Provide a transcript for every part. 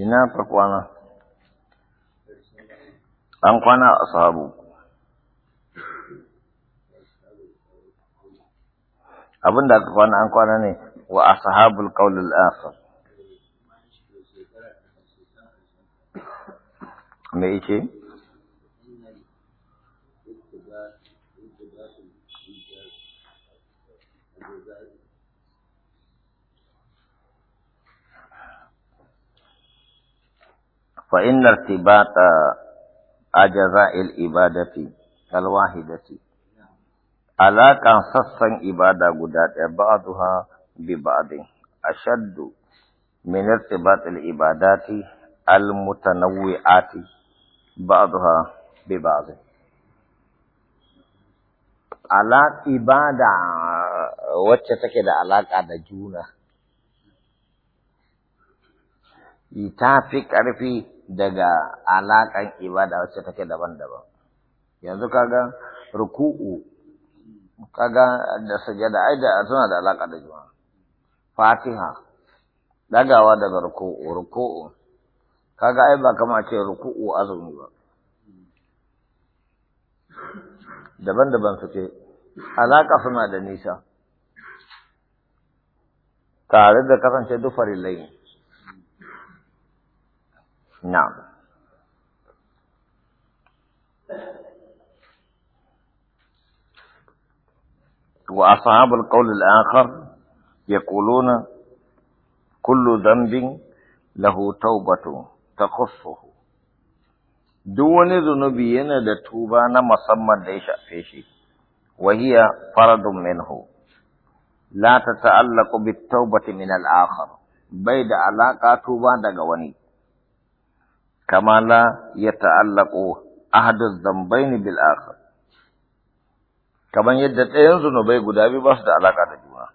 Ina ka kwana? An kwana a sahabu. Abin da aka kwana an kwana ne wa a sahabul kaulul asar. Me ike? فإن ارتباط أجزاء الإبادة كالواحدة علاقة سسا إبادة قدات بعضها ببعض أشد من ارتباط العبادات المتنوعات بعضها ببعض علاق إبادة وتتكد علاقة دجونة ta fi ƙarfi daga alaƙan ibada wacce take daban-daban. Yanzu kaga ruku'u, kaga da sujada ai da suna da alaƙa da juna. Fatiha, dagawa daga ruku'u, ruku'u. Kaga ai ba kama ce ruku'u azumi ba. Daban-daban suke, alaƙa suna da nisa. Tare da kasance duk farillai ne. نعم وأصحاب القول الآخر يقولون كل ذنب له توبة تخصه دون ذنبين ينادى مصمد ليش فيشي وهي فرد منه لا تتعلق بالتوبة من الآخر بيد علاقة توبة دقواني كما لا يتعلق أحد الذنبين بالآخر كما يدت ينزل نبي قدابي بس علاقة جوا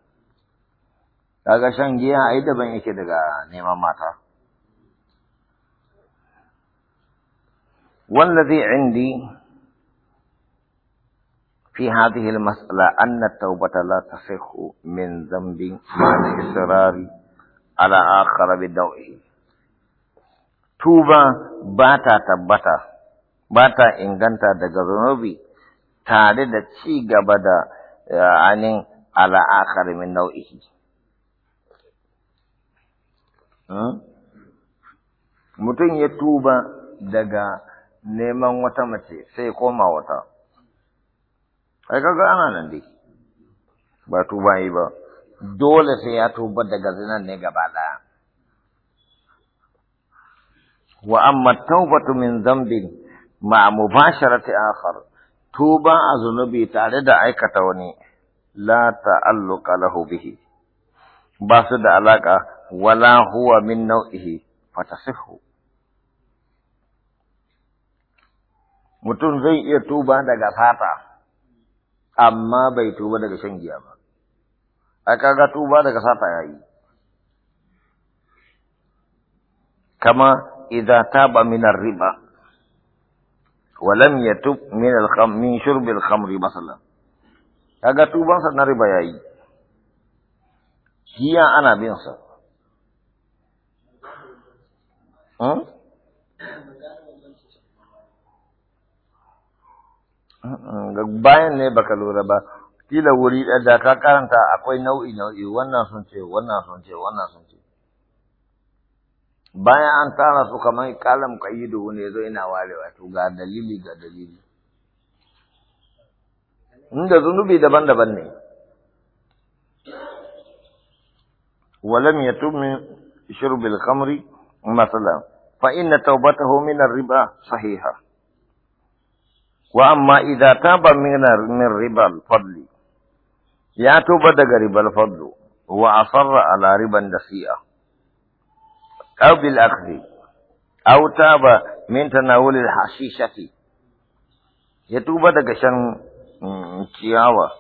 kaga shan giya ai daban yake daga neman mata والذي عندي في هذه المسألة أن التوبة لا تصح من ذنب مع الإصرار على آخر بدوئه tuba ba ta tabbata ba ta inganta daga zunubi tare da ci gaba da eh, anin al'akar min nau'i. Hmm? mutum ya tuba daga neman wata mace sai koma wata ai kaga ana nan dai ba tuba yi ba dole sai ya tuba daga zinan ne gaba ɗaya wa amma taubatu min zambin ma mubasharati akhar tuba a zunubi tare da aikata wani la ta'alluqa lahu bihi ba su da alaka wala huwa min nau'ihi fatasihu mutum zai iya tuba daga fata amma bai tuba daga shan giya ba a kaga tuba daga sata yayi kama إذا تاب من الربا min يتب من الخم shurb al الخمر مثلا kaga tubansa na riba yayi giya ana bin sa hmm? bayan ne baka lura ba kila wuri da ka karanta akwai nau'i nau'i wannan sun ce wannan sun ce wannan sun ce bayan an tara su kamar kalam kayyidu ne zo ina ware wato ga dalili ga dalili inda zunubi daban-daban ne walam yatub min shurbil khamri masalan fa inna tawbatahu min ar-riba sahiha wa amma idza taba min riba al-fadli ya tuba daga riba fadlu wa asarra ala riban nasi'a أو بالأخذ أو تاب من تناول الحشيشة يتوب دكشن تياوة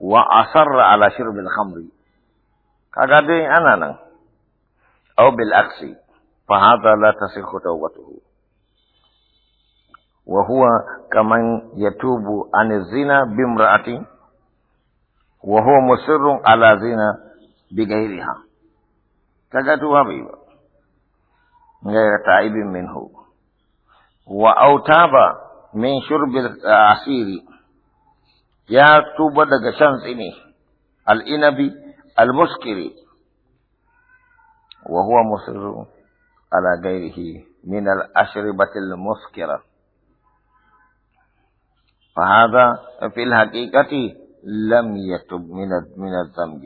وأصر على شرب الخمر كاكادي أنا لن أو بالأخذ فهذا لا تصح توبته وهو كمن يتوب عن الزنا بامرأة وهو مصر على زنا بغيرها kaga tuba غير تائب منه وأوتاب من شرب العصير يا توبة دقا شنسيني الإنبي المسكر وهو مصر على غيره من الأشربة المسكرة فهذا في الحقيقة لم يتب من من الذنب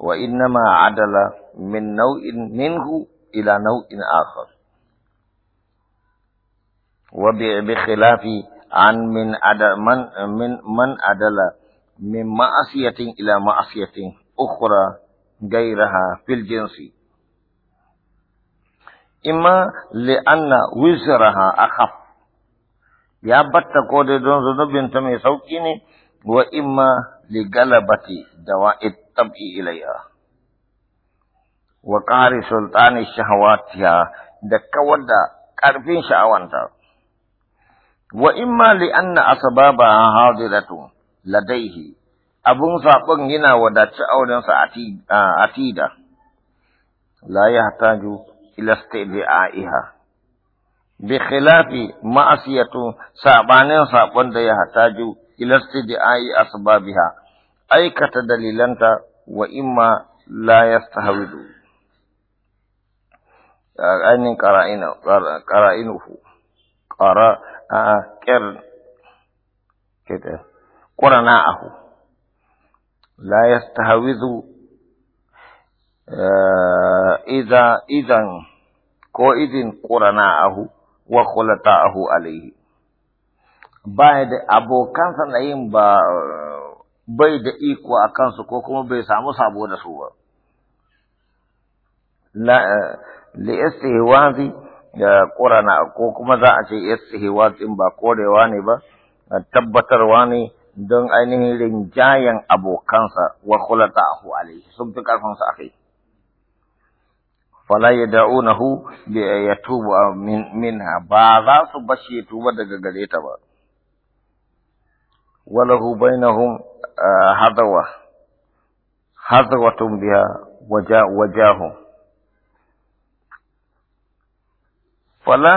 وإنما عدل من نوع منه إلى نوع آخر وبخلاف عن من عدل من من من عدل من معصية إلى معصية أخرى غيرها في الجنس إما لأن وزرها أخف ya batta ko dai don zunubin ta mai sauki ne wa imma li galabati dawa'id tab'i ilayya wa qari sultani shahawatiha da kawar da karfin sha'awanta wa imma li anna asbaba hadiratu ladaihi abun sabon yana wadace auren sa atida la yahtaju ila istidaiha bi khilafi ma'siyatu sabanin sabon da yahtaju ila istidai asbabiha aikata dalilanta wa imma la yastahawidu ainihin ƙara'inuhu ƙara a ƙyar ƙurana ahu la yastahawidu eh, idan ko idin ƙurana ahu wa kulata ahu alaihi ba da abokansa na yin ba bai da iko a kansu ko kuma bai samu sabo da su ba. Eh, li'istihiwazi da eh, ƙorana ko kuma za a ce istihiwazin ba korewa ne ba, tabbatarwa ne don ainihin rinjayen abokansa wa kulata ahu alaihi sun fi ƙarfinsa a kai. Fala ya hu da ya tuba minha ba za su bashi ya tuba daga gare ta ba. Wala Walahu bainahum هضوة هضوة بها وجاه وجاه فلا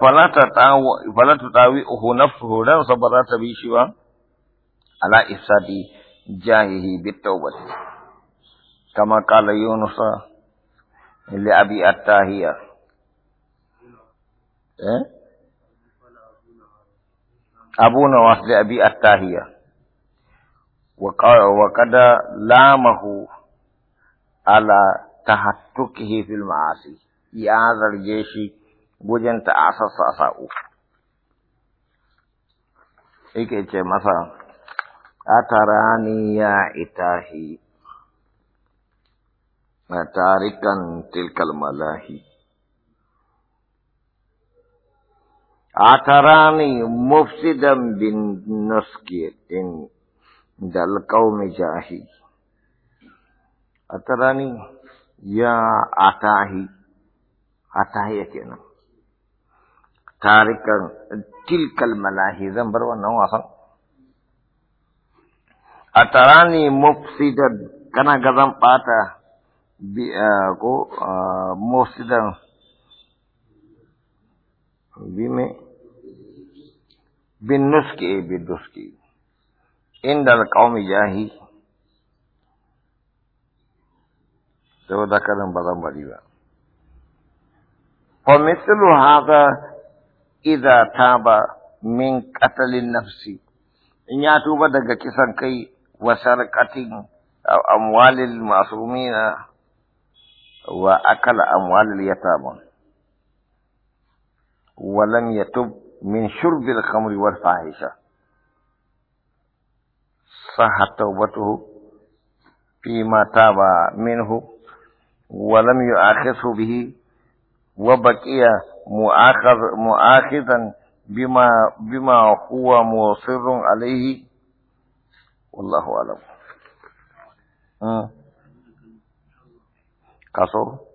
فلا تتاو فلا تتاوئه نفسه لا تبي بشوا على إفساد جاهه بالتوبة كما قال يونس لأبي التاهية إيه؟ أبو نواس لأبي التاهية وقد لامه على تهتكه في المعاصي يا ذا الجيش وجن تأسس أساؤه yake ce masa, Atarani ya itahi, na tarikan tilkal malahi. Atarani mufsidan bin nuski ɗin ده القوم جاهي أتراني يا أتاهي أتاهي كنا تاركا تلك الملاهي ذنبر ونواسا أتراني مفسدا كنا قدم باتا بأكو مفسدا بما بالنسك بالنسك عند القوم جاهي سو دا كلام بدن بدي فمثل هذا إذا تاب من قتل النفس إن يتوب دقا كسان كي وسرقة أو أموال المعصومين وأكل أموال اليتامى ولم يتب من شرب الخمر والفاحشة sahat taubatuhu fi ma taba minhu wa lam yu'akhidhu bihi wa baqiya mu'akhidhan bima bima huwa musirrun alayhi wallahu a'lam ah kasur